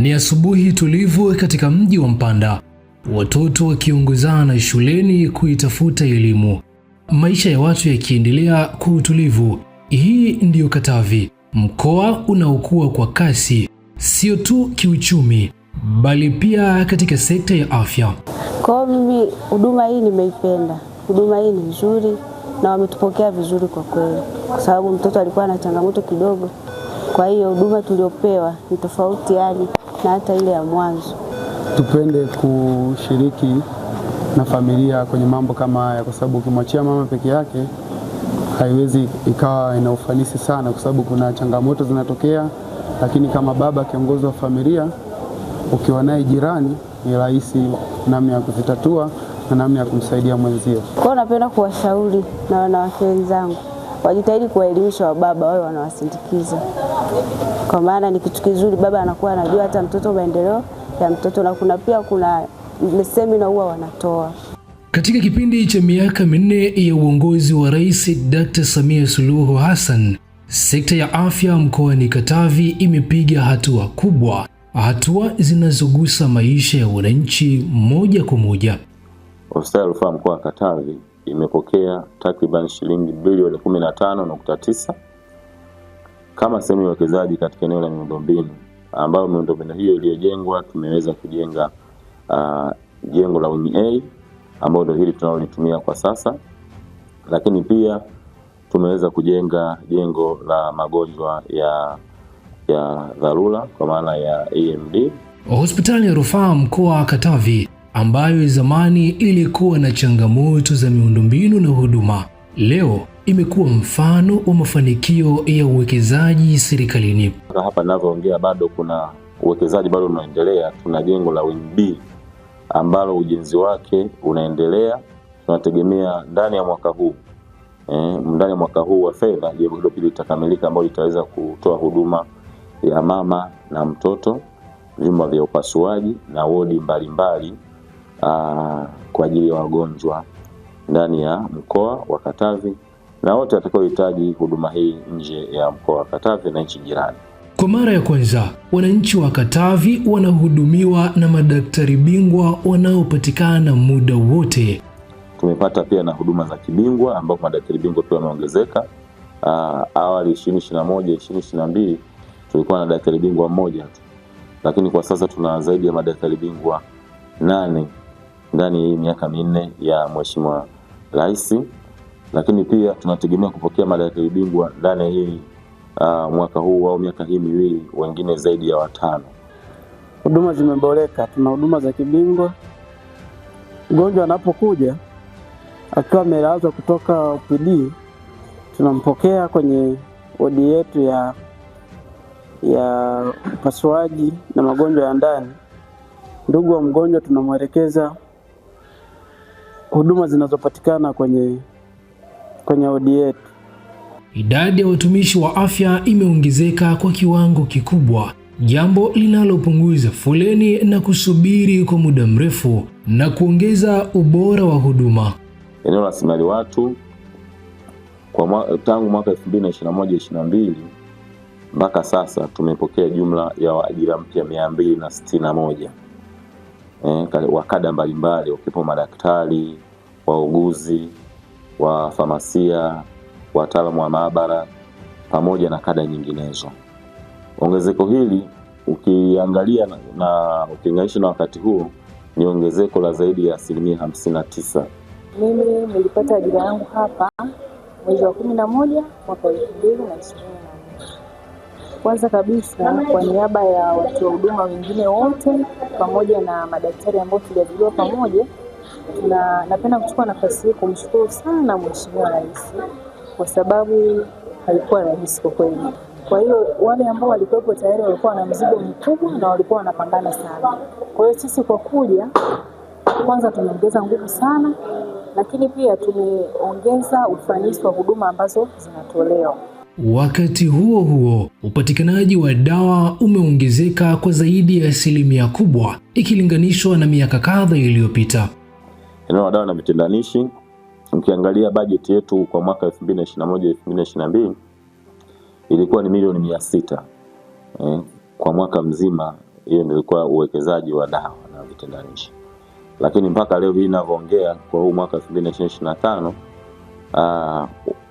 Ni asubuhi tulivu katika mji wa Mpanda, watoto wakiongozana shuleni kuitafuta elimu, maisha ya watu yakiendelea kwa utulivu. Hii ndiyo Katavi, mkoa unaokuwa kwa kasi, sio tu kiuchumi, bali pia katika sekta ya afya. Kwa mimi huduma hii nimeipenda, huduma hii ni nzuri na wametupokea vizuri kwa kweli, kwa sababu mtoto alikuwa na changamoto kidogo. Kwa hiyo huduma tuliopewa ni tofauti yani na hata ile ya mwanzo. Tupende kushiriki na familia kwenye mambo kama haya, kwa sababu ukimwachia mama peke yake haiwezi ikawa ina ufanisi sana, kwa sababu kuna changamoto zinatokea. Lakini kama baba kiongozi wa familia, ukiwa naye jirani, ni rahisi namna ya kuzitatua na namna ya kumsaidia mwenzio. Kwa napenda kuwashauri na wanawake wenzangu wajitahidi kuwaelimisha wababa wao wanawasindikiza, kwa maana ni kitu kizuri, baba anakuwa anajua hata mtoto maendeleo ya mtoto, na kuna pia kuna semina huwa wanatoa katika kipindi cha miaka minne ya uongozi wa Rais Dr. Samia Suluhu Hassan, sekta ya afya mkoani Katavi imepiga hatua kubwa, hatua zinazogusa maisha ya wananchi moja kwa moja. Hospitali ya Rufaa Mkoa wa Katavi imepokea takriban shilingi bilioni 15.9 kama sehemu ya uwekezaji katika eneo la miundombinu, ambayo miundombinu hiyo iliyojengwa tumeweza kujenga uh, jengo la UNA ambayo ambalo ndio hili tunalolitumia kwa sasa, lakini pia tumeweza kujenga jengo la magonjwa ya ya dharura kwa maana ya AMD. Hospitali ya Rufaa Mkoa wa Katavi ambayo zamani ilikuwa na changamoto za miundombinu na huduma, leo imekuwa mfano wa mafanikio ya uwekezaji serikalini. Hapa ninavyoongea bado kuna uwekezaji bado unaendelea. Tuna jengo la Wing B ambalo ujenzi wake unaendelea, tunategemea ndani ya mwaka huu eh, ndani ya mwaka huu wa fedha jengo hilo pili litakamilika, ambalo litaweza kutoa huduma ya mama na mtoto, vyumba vya upasuaji na wodi mbalimbali mbali. Ah, kwa ajili ya wagonjwa ndani ya mkoa wa Katavi na wote watakaohitaji huduma hii nje ya mkoa wa Katavi na nchi jirani. Kwa mara ya kwanza wananchi wa Katavi wanahudumiwa na madaktari bingwa wanaopatikana muda wote. Tumepata pia na huduma za kibingwa ambapo madaktari bingwa pia wameongezeka. Uh, awali 2021, 2022 tulikuwa na daktari bingwa mmoja tu, lakini kwa sasa tuna zaidi ya madaktari bingwa nane ndani ya miaka minne ya Mheshimiwa Rais, lakini pia tunategemea kupokea madaktari bingwa ndani ya hii uh, mwaka huu au miaka hii miwili wengine zaidi ya watano. Huduma zimeboreka, tuna huduma za kibingwa. Mgonjwa anapokuja akiwa amelazwa kutoka OPD, tunampokea kwenye wodi yetu ya ya upasuaji na magonjwa ya ndani. Ndugu wa mgonjwa tunamwelekeza huduma zinazopatikana kwenye, kwenye wodi yetu. Idadi ya watumishi wa afya imeongezeka kwa kiwango kikubwa, jambo linalopunguza foleni na kusubiri kwa muda mrefu na kuongeza ubora wa huduma. Eneo la rasilimali watu kwa tangu mwaka 2021 mpaka sasa tumepokea jumla ya waajira mpya 261 eh, wa kada mbalimbali wakiwepo madaktari, wauguzi, wa famasia wataalamu wa maabara pamoja na kada nyinginezo. Ongezeko hili ukiangalia na, na ukilinganisha na wakati huo ni ongezeko la zaidi ya asilimia hamsini na tisa. Mimi nilipata ajira yangu hapa mwezi wa kumi na moja mwaka elfu mbili na ishirini na nne. Kwanza kabisa kwa niaba ya wa huduma wengine wote pamoja na madaktari ambao tuliajiliwa pamoja na, napenda kuchukua nafasi hii kumshukuru sana Mheshimiwa Rais kwa sababu haikuwa rahisi kwa kweli. Kwa hiyo wale ambao walikuwepo tayari walikuwa na mzigo mkubwa na walikuwa wanapambana sana. Kwa hiyo sisi kwa kuja, kwanza tumeongeza nguvu sana, lakini pia tumeongeza ufanisi wa huduma ambazo zinatolewa. Wakati huo huo, upatikanaji wa dawa umeongezeka kwa zaidi ya asilimia kubwa ikilinganishwa na miaka kadha iliyopita. Eneo la dawa na vitendanishi, ukiangalia bajeti yetu kwa mwaka 2021 2022 ilikuwa ni milioni mia sita eh, kwa mwaka mzima. Hiyo ilikuwa uwekezaji wa dawa na vitendanishi, lakini mpaka leo hii ninavyoongea, kwa huu mwaka 2025 ah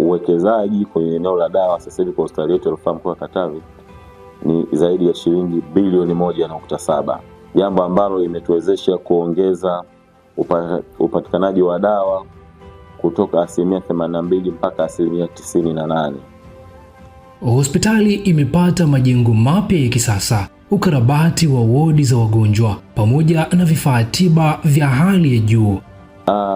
uwekezaji kwenye eneo la dawa sasa hivi kwa hospitali yetu ya mkoa wa Katavi ni zaidi ya shilingi bilioni moja nukta saba jambo ambalo limetuwezesha kuongeza upa, upatikanaji wa dawa kutoka asilimia mbili mpaka asilimia 98. Hospitali imepata majengo mapya ya kisasa, ukarabati wa wodi za wagonjwa pamoja na vifaa tiba vya hali ya juu. Ah,